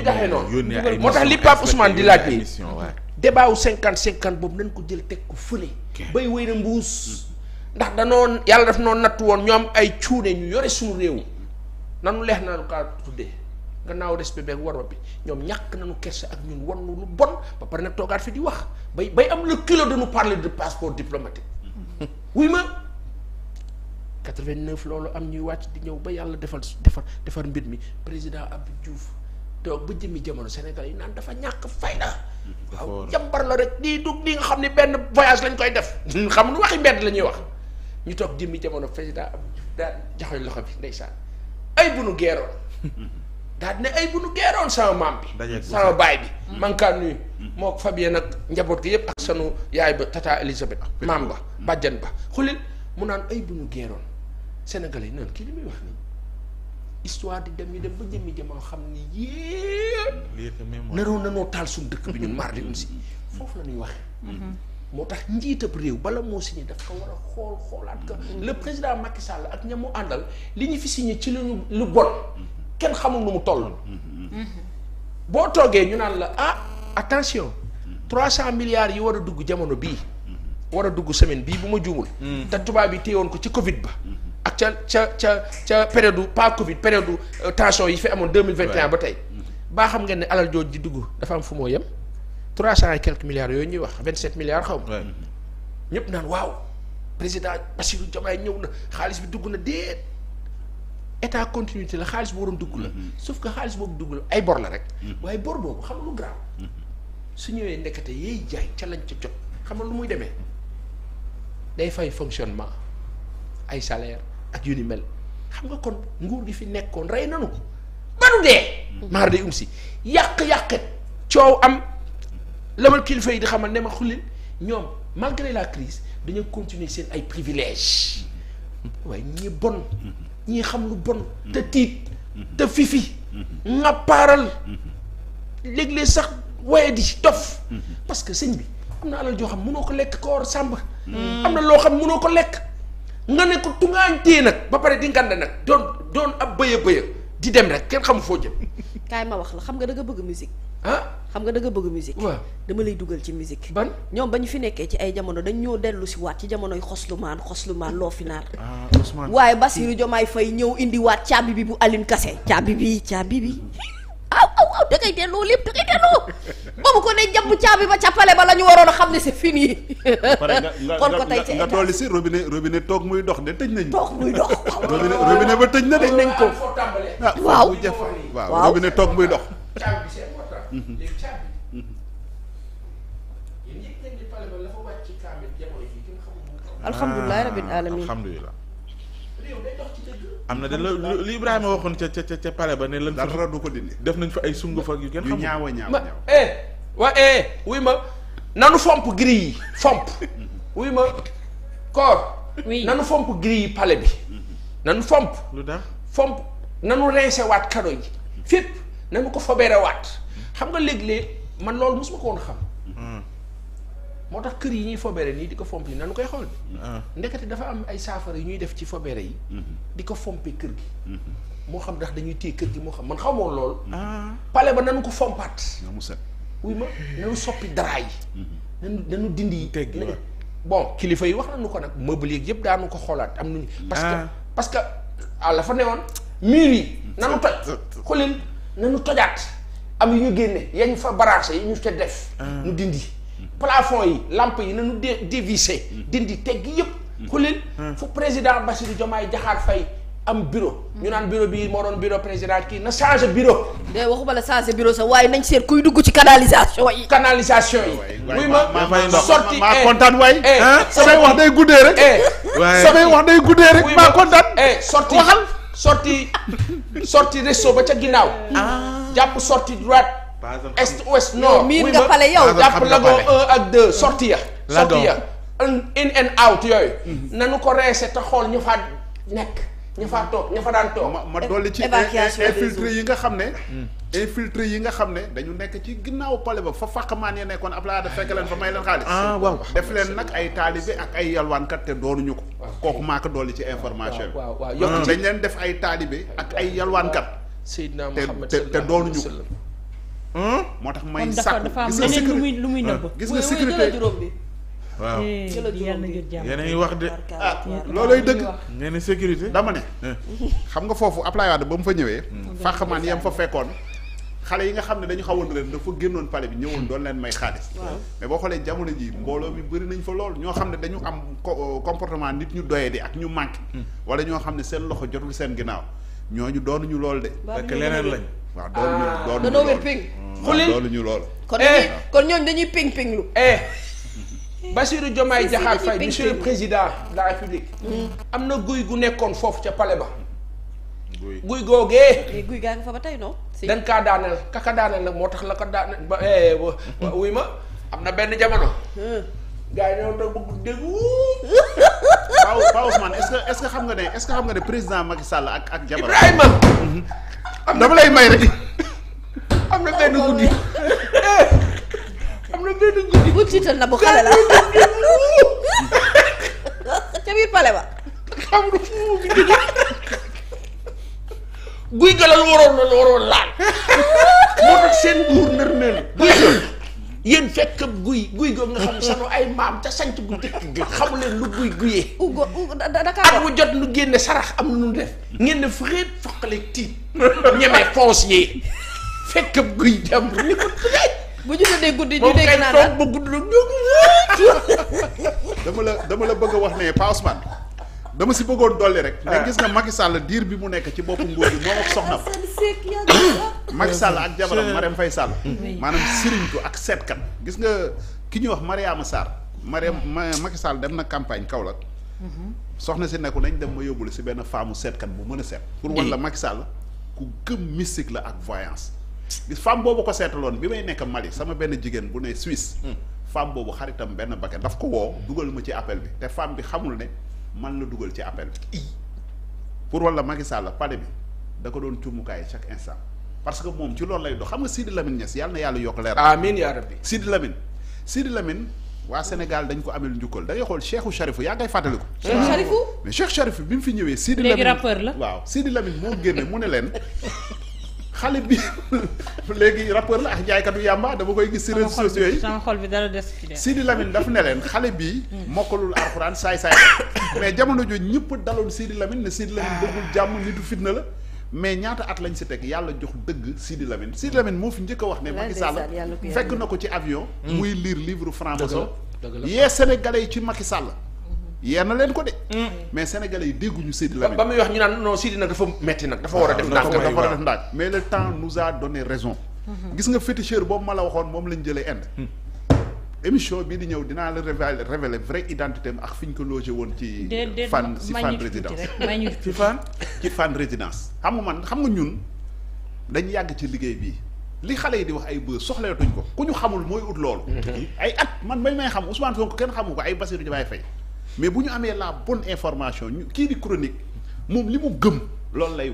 bi daxee noonu moo tax li Pape Ousmane di laaj bi débat wu cinquante cinquante boobu nañ ko jël teg ko fële bay wéy na mbuus ndax danoo yàlla daf noo natt woon ñoom ay cuune ñu yore suñu réew nanu leex nanu kaa tuddee gannaaw respect beeg warwa bi ñoom ñàkk nañu kerse ak ñun wan lu bon ba pare nag toogaat fi di wax bay bay am la kilo de nous parler de passeport diplomatique wuy ma 89 loolu am ñuy wàcc di ñëw ba yàlla defal defar defar mbir mi président Abdou Diouf toog bu jëmmi jamono Sénégal yi naan dafa ñàkk fayda waaw jàmbar la rek lii dug li nga xam ne benn voyage lañu koy def xam nu waxi mbedd la ñuy wax ñu toog jëmmi jamono président am daal jaxoñ loxo bi ndeysaan ay bu nu geeroon daal ne ay bu nu geeroon sama maam bi sama baay bi mm. mankaan nuyu moo Fabien nag njaboot gi yépp ak sanu yaay ba tata Elisabeth maam ba mm. bàjjan ba xulil mu naan ay bu nu geeroon Sénégal yi naan kii li muy wax nii histoire di dem ñu dem ba jëmmi jamono xam ni yépp naroon nanoo taal suñu dëkk bi ñun mar di si foofu la ñuy wax mm-hmm. moo tax njiitab réew bala moo signé daf ko war a xool xoolaat ka mm-hmm. le président Macky Sall ak ñamu àndal li ñu fi signé ci lu lu bon kenn xamul nu mu toll mm-hmm. boo toogee ñu naan la ah attention trois cent milliards yi war a dugg jamono bii war a dugg semaine bi bu ma juumul te tubaab yi téyewoon ko ci covid ba ak ca ca ca ca période du pas Covid période euh, tension yi fi amoon deux mille vingt et ba tey. baa xam ngeen ne alal jooju di dugg dafa am fu moo yem trois cent et quelques yooyu ñuy wax vingt sept milliards xaw ma. ñëpp naan waaw président Bassirou Diomaye ñëw na xaalis bi dugg na déet état continuité la xaalis bu dugg la. Mm-hmm. sauf que xaalis boobu dugg la ay bor la rek. Mm-hmm. waaye bor boobu xam lu grave. Mm-hmm. su ñëwee nekkate yey jaay ca lañ ca jot xam nga lu muy demee day fay fonctionnement ay salaire ak yu ni mel xam nga kon nguur gi fi nekkoon rey nanu ko nu dee mm. maar day um si yàq coow am lamal kilifa yi di xamal ne ma xullin ñoom malgré la crise dañoo continuer seen ay privilèges waaye ñi bon ñi xam lu bon te tiit te fifi nga paaral léeg sax waaye di dof mm-hmm. parce que sëñ bi am na alal joo xam mënoo ko lekk koor sàmb mm. am na loo xam mënoo ko lekk nga ne ko tuŋaañtee nag ba pare di ngande nag doon doon ab bëya bëya di dem rek kenn xamu foo jëm. kaay ma wax la xam nga danga bëgg musique. ah xam nga da nga bëgg musique. dama lay dugal ci musique. ban ñoom ba ñu fi nekkee ci ay jamono dañ ñoo dellu si waat ci jamonoy xoslumaan maan loo fi naar. Ah, waaye Bassirou Diomaye Faye ñëw indiwaat caabi bi bu Aline Kassé caabi bi caabi bi. da ngay delloo lépp da ngay delloo ba mu ko ne jàpp caabi ba ca pale ba la ñu waroon a xam ne c'est fini. kon ko tey ci nga dolli si robine robine toog muy dox de tëj nañu. toog muy dox robinet robinet ba tëj na de. tëj ah, toog muy dox. caabi bi c'est mhm. ah, alamin alhamdulilah. am na de li Ibrahima waxoon ca ca ca pare ba ne lan. dara du ko dindi def nañ fa ay sungu fa yu kenn xamul. yu ñaaw a ñaaw eh, wa eh wuy ma nanu fomp gris yi fomp wuy ma koor. nanu fomp gris yi pale bi. nanu fomp. lu tax fomp nanu rincé waat kado yi fépp nanu ko fobeere waat xam nga léeg-léeg man loolu mosuma ko woon xam. Hmm. moo tax kër yi ñuy fobere nii di ko fomp ni nanu koy xool bi ah. ndekete dafa am ay saafara yu ñuy def ci fobere yi mm-hmm. di ko fompe kër gi mm-hmm. moo xam ndax dañuy téye kër gi moo xam man xamoon lool ah. pale ba nanu ko fompaat wuy ma nanu soppi dara yi nanu dindi dindi bon kilifa yi wax nañu ko nag meuble yeeg yëpp daanu ko xoolaat am nañu ah. parce que parce que ah la woon newoon mur yi nanu toj xolil nanu tojaat am yu ñu génne yañ fa baraase yi ñu te def ñu dindi plafond yi lampe yi nañu dé dévissé mm. dindi teg yëpp xulil mm. mm. fu président Bassirou Diomaye Diakhar Faye am bureau ñu naan bureau bi moo doon bureau président kii na changé bureau de waxuma la changé bureau sax waaye nañ seet kuy dugg ci canalisation yi canalisation yi muy ma sorti maa eh, kontaan waay eh, eh, samay wax day guddee rek samay wax day guddee rek maa kontaan sorti sorti sorti ba ca ginnaaw ah. jàpp sorti droite est ouest nord. miin nga pale yow jàpp la go un ak deux sorti ya sorti ya in and out yooyu mhm. nanu ko reese te xool ñu fa nekk ñu faa toog fa daan toog ma dolli ci infiltré yi nga xam ne mm. infiltré yi nga xam ne dañu nekk ci ginnaaw pale ba fa fàqmaan ya nekkoon ab laa da fekk leen fa may leen xaalis ah, def leen nag ay taalibe ak ay yalwaankat te doonuñu ko kooku maa ko dolli ci information bi dañ leen def ay taalibe ak ay yalwaankat te te doonuñu ko moo tax may sàkku gis nga sécurité lu muy nëbb gis nga sécurité waaw eh, yéen a ngi wax de ah loolooy dëgg nee na sécurité dama ne eh. xam nga foofu Ablaye Wade ba mu fa ñëwee hmm. fàqmaan yam fa fekkoon xale yi nga xam ne dañu xawoon ren dafa génnoon pale bi ñëwoon doon leen may xaalis hmm. mais boo xoolee jamono ji mbooloo bi bëri nañ fa lool ñoo xam ne dañu am euh, comportement nit ñu doyee di ak ñu manqué hmm. wala ñoo xam ne seen loxo jotul seen ginnaaw ñooñu doonuñu lool de fekk leneen lañ waaw doolu ñu ah, danoo wér ping xulil doolu ñu loolu kon dañuy eh. kon ñooñu dañuy ping ping lu eh. Bassirou Diomaye Diakhar Faye monsieur le président de la République hmm. am na guy gu nekkoon foofu ca palais ba guy guy googee guy gaa nga fa ba tey non dañ kaa daaneel kaka daaneel nag moo tax la ko daaneel ba eh, wuy ma am na benn jamono hmm. gars yi ñoo doon bëgg dégg Pa Pa Ousmane est-ce que est-ce que xam nga ne est-ce que xam nga ne président Macky Sall ak ak jabar Ibrahima mhm. am na dama lay may rek am na benn guddi am na bu tiital na bu xale la. ca biir pale ba. xam nga fu mu guy galal waroon na waroon laal. moo tax seen buur nër mel guy yéen fekk guy guy googu nga xam sanu ay maam ca sanc gu dëkk ga xamu leen lu guy guyee at wu jot lu génne sarax am lu nu def ngeen ne fréet fokkale tiit ñeme foncier fekk guy dem li ko tëj bu ñu tëddee guddi ñu dégg naa daal ba gudd dama la dama la bëgg wax ne Pa Ousmane dama si bëggoon dolli rek. Ah. mais gis nga Macky Sall diir bi mu nekk ci bopp nguur gi moom ak soxnam. Macky Sall ak jabaram Marème fay Sall. maanaam sëriñtu ak seetkat. gis nga ki ñuy wax Mariama Sarr. Mariam mm. Macky Sall dem na campagne Kaolack. Mm-hmm. soxna si nekku nañ dem ma yóbbul si benn faamu seetkat bu mën a seet. pour wan la Macky Sall ku gëm mystique la ak voyance. gis femme boobu ko seetaloon bi may nekk Mali sama benn jigéen bu ne Suisse. Mm. femme boobu xaritam benn bakke daf ko woo dugal ma ci appel bi te femme bi xamul ne. man la dugal ci appel pour wala Macky Sall la pale bi da ko doon cumukaay chaque instant parce que moom ci loolu lay dox xam nga Sidi Lamine Niass yàlla na yàlla yokk leer amiin yaa rabbi Sidi Lamine Sidi Lamine waa Sénégal dañ ko amel njukkal da xool Cheikhou Charifu yaa ngay fàttali ko Charifu mais bi mu fi ñëwee Sidi Lamine léegi la waaw Sidi Lamine moo génne mu ne leen xale bi léegi rappeur la ak jaaykatu yàmba dama koy gis si réseaux sociaux yi sama xol bi dara des ci Sidi Lamine daf ne leen xale bi hmm. mokkalul alxuraan saay saay mais jamono jooju ñëpp daloon Sidi Lamine ne Sidi Lamine bëggul jàmm nitu fitna la mais ñaata at lañ si teg yàlla jox dëgg Sidi Lamine Sidi Lamine moo fi njëkk a wax ne Macky Sall fekk na ko ci avion hmm. muy lire livre franc-maçon yee sénégalais yi ci Macky Sall yee na leen ko de. Mm. mais sénégalais yi dégguñu Sidi Lamine. ba muy wax ñu naan non Sidi nag metti nag. dafa war a def ah, ndànk dafa war a def ndànk mais le temps nous a donné raison. Mm-hmm. gis nga féticheur boobu ma la waxoon moom lañ jëlee ind. Mm. émission bii di ñëw dinaa la révéler révéler vraie identité am ak fi ñu ko logé woon ci. fan si fan résidence ci fan résidence. xam nga man xam nga dañ yàgg ci liggéey bi li xale yi di wax ay bës soxlatuñ ko ku ñu xamul mooy ut loolu. Mm-hmm. ay at man may may xam Ousmane Sonko kenn xamu ko ay Bassirou Diomaye Faye mais bu ñu amee la bonne information kii di chronique moom li mu gëm loolu lay